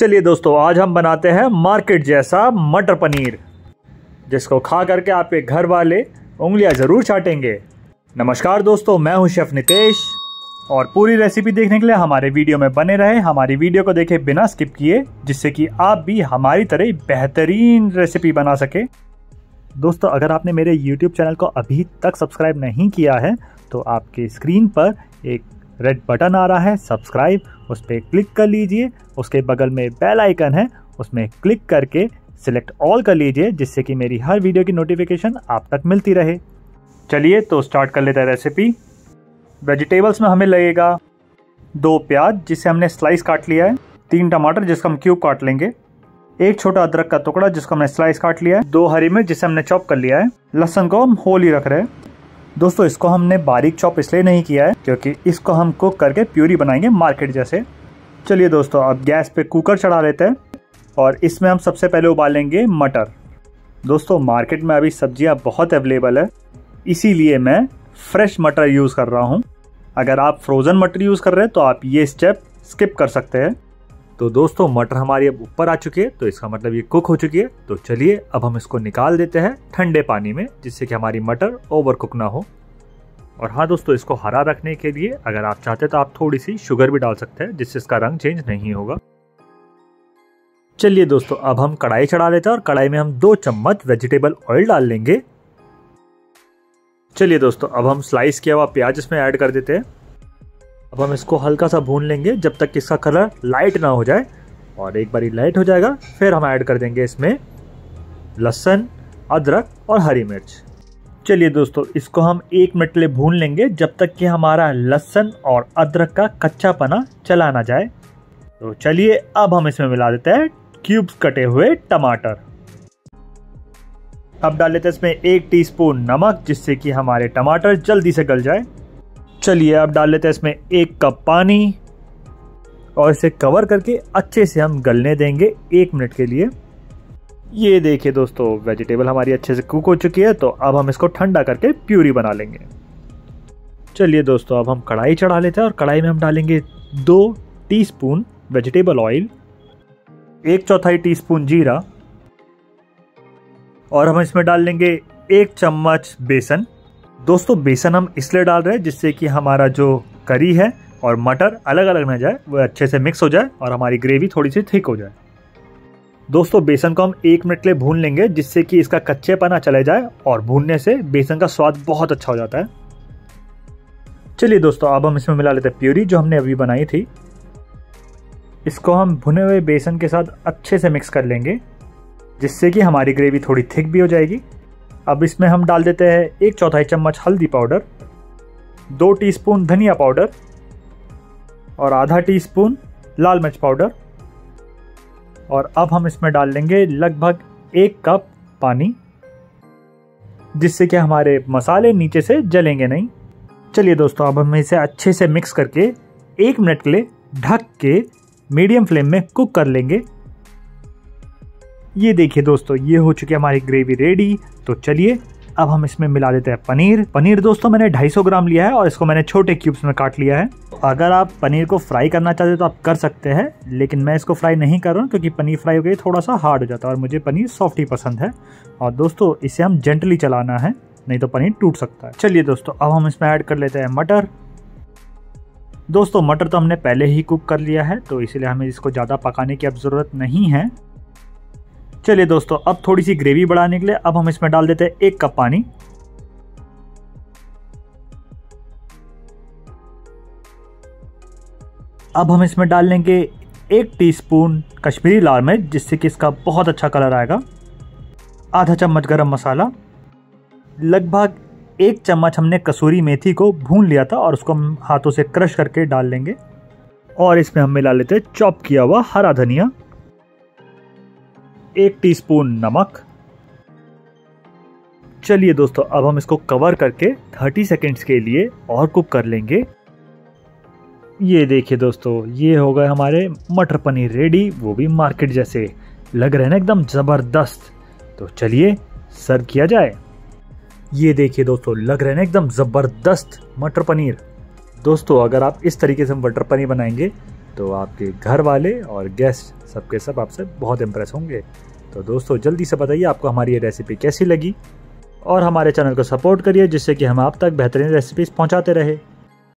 चलिए दोस्तों आज हम बनाते हैं मार्केट जैसा मटर पनीर जिसको खा करके आपके घर वाले उंगलियां ज़रूर चाटेंगे नमस्कार दोस्तों मैं हूं शेफ़ नितेश और पूरी रेसिपी देखने के लिए हमारे वीडियो में बने रहे हमारी वीडियो को देखे बिना स्किप किए जिससे कि आप भी हमारी तरह बेहतरीन रेसिपी बना सके दोस्तों अगर आपने मेरे YouTube चैनल को अभी तक सब्सक्राइब नहीं किया है तो आपके स्क्रीन पर एक रेड बटन आ रहा है सब्सक्राइब उस पर क्लिक कर लीजिए उसके बगल में बेल आइकन है उसमें क्लिक करके सिलेक्ट ऑल कर लीजिए जिससे कि मेरी हर वीडियो की नोटिफिकेशन आप तक मिलती रहे चलिए तो स्टार्ट कर लेते हैं रेसिपी वेजिटेबल्स में हमें लगेगा दो प्याज जिसे हमने स्लाइस काट लिया है तीन टमाटर जिसका हम क्यूब काट लेंगे एक छोटा अदरक का टुकड़ा जिसको हमने स्लाइस काट लिया है दो हरी मिर्च जिसे हमने चॉप कर लिया है लहसन को हम होल ही रख रहे हैं दोस्तों इसको हमने बारीक चॉप इसलिए नहीं किया है क्योंकि इसको हम कुक करके प्यूरी बनाएंगे मार्केट जैसे चलिए दोस्तों अब गैस पे कुकर चढ़ा लेते हैं और इसमें हम सबसे पहले उबालेंगे मटर दोस्तों मार्केट में अभी सब्जियां बहुत अवेलेबल है इसीलिए मैं फ्रेश मटर यूज़ कर रहा हूँ अगर आप फ्रोज़न मटर यूज़ कर रहे हैं तो आप ये स्टेप स्किप कर सकते हैं तो दोस्तों मटर हमारी अब ऊपर आ चुकी है तो इसका मतलब ये कुक हो चुकी है तो चलिए अब हम इसको निकाल देते हैं ठंडे पानी में जिससे कि हमारी मटर ओवर कुक ना हो और हाँ दोस्तों इसको हरा रखने के लिए अगर आप चाहते तो आप थोड़ी सी शुगर भी डाल सकते हैं जिससे इसका रंग चेंज नहीं होगा चलिए दोस्तों अब हम कढ़ाई चढ़ा लेते हैं और कढ़ाई में हम दो चम्मच वेजिटेबल ऑयल डाल लेंगे चलिए दोस्तों अब हम स्लाइस किया हुआ प्याज इसमें ऐड कर देते हैं अब हम इसको हल्का सा भून लेंगे जब तक इसका कलर लाइट ना हो जाए और एक बार लाइट हो जाएगा फिर हम ऐड कर देंगे इसमें लहसन अदरक और हरी मिर्च चलिए दोस्तों इसको हम एक मिनट लिए भून लेंगे जब तक कि हमारा लहसन और अदरक का कच्चा पना चला ना जाए तो चलिए अब हम इसमें मिला देते हैं क्यूब्स कटे हुए टमाटर अब डाल लेते हैं इसमें एक टीस्पून नमक जिससे कि हमारे टमाटर जल्दी से गल जाए चलिए अब डाल लेते हैं इसमें एक कप पानी और इसे कवर करके अच्छे से हम गलने देंगे एक मिनट के लिए ये देखिए दोस्तों वेजिटेबल हमारी अच्छे से कुक हो चुकी है तो अब हम इसको ठंडा करके प्यूरी बना लेंगे चलिए दोस्तों अब हम कढ़ाई चढ़ा लेते हैं और कढ़ाई में हम डालेंगे दो टीस्पून वेजिटेबल ऑयल एक चौथाई टीस्पून जीरा और हम इसमें डाल लेंगे एक चम्मच बेसन दोस्तों बेसन हम इसलिए डाल रहे हैं जिससे कि हमारा जो करी है और मटर अलग अलग ना जाए वह अच्छे से मिक्स हो जाए और हमारी ग्रेवी थोड़ी सी थिक हो जाए दोस्तों बेसन को हम एक मिनट के लिए भून लेंगे जिससे कि इसका कच्चेपना चले जाए और भूनने से बेसन का स्वाद बहुत अच्छा हो जाता है चलिए दोस्तों अब हम इसमें मिला लेते हैं प्यूरी जो हमने अभी बनाई थी इसको हम भुने हुए बेसन के साथ अच्छे से मिक्स कर लेंगे जिससे कि हमारी ग्रेवी थोड़ी थिक भी हो जाएगी अब इसमें हम डाल देते हैं एक चौथाई चम्मच हल्दी पाउडर दो टीस्पून धनिया पाउडर और आधा टीस्पून लाल मिर्च पाउडर और अब हम इसमें डाल लेंगे लगभग एक कप पानी जिससे कि हमारे मसाले नीचे से जलेंगे नहीं चलिए दोस्तों अब हम इसे अच्छे से मिक्स करके एक मिनट के लिए ढक के मीडियम फ्लेम में कुक कर लेंगे ये देखिए दोस्तों ये हो चुकी है हमारी ग्रेवी रेडी तो चलिए अब हम इसमें मिला देते हैं पनीर पनीर दोस्तों मैंने 250 ग्राम लिया है और इसको मैंने छोटे क्यूब्स में काट लिया है अगर आप पनीर को फ्राई करना चाहते हो तो आप कर सकते हैं लेकिन मैं इसको फ्राई नहीं कर रहा हूँ क्योंकि पनीर फ्राई हो गई थोड़ा सा हार्ड हो जाता है और मुझे पनीर सॉफ्ट ही पसंद है और दोस्तों इसे हम जेंटली चलाना है नहीं तो पनीर टूट सकता है चलिए दोस्तों अब हम इसमें ऐड कर लेते हैं मटर दोस्तों मटर तो हमने पहले ही कुक कर लिया है तो इसलिए हमें इसको ज़्यादा पकाने की अब ज़रूरत नहीं है चलिए दोस्तों अब थोड़ी सी ग्रेवी बढ़ाने के लिए अब हम इसमें डाल देते हैं एक कप पानी अब हम इसमें डाल लेंगे एक टीस्पून कश्मीरी लाल मिर्च जिससे कि इसका बहुत अच्छा कलर आएगा आधा चम्मच गरम मसाला लगभग एक चम्मच हमने कसूरी मेथी को भून लिया था और उसको हम हाथों से क्रश करके डाल लेंगे और इसमें हम मिला लेते हैं चॉप किया हुआ हरा धनिया एक टीस्पून नमक चलिए दोस्तों अब हम इसको कवर करके 30 सेकेंड्स के लिए और कुक कर लेंगे ये देखिए दोस्तों ये हो गए हमारे मटर पनीर रेडी वो भी मार्केट जैसे लग रहे हैं ना एकदम ज़बरदस्त तो चलिए सर्व किया जाए ये देखिए दोस्तों लग रहे हैं ना एकदम ज़बरदस्त मटर पनीर दोस्तों अगर आप इस तरीके से मटर पनीर बनाएंगे तो आपके घर वाले और गेस्ट सबके सब आपसे बहुत इम्प्रेस होंगे तो दोस्तों जल्दी से बताइए आपको हमारी ये रेसिपी कैसी लगी और हमारे चैनल को सपोर्ट करिए जिससे कि हम आप तक बेहतरीन रेसिपीज़ पहुंचाते रहे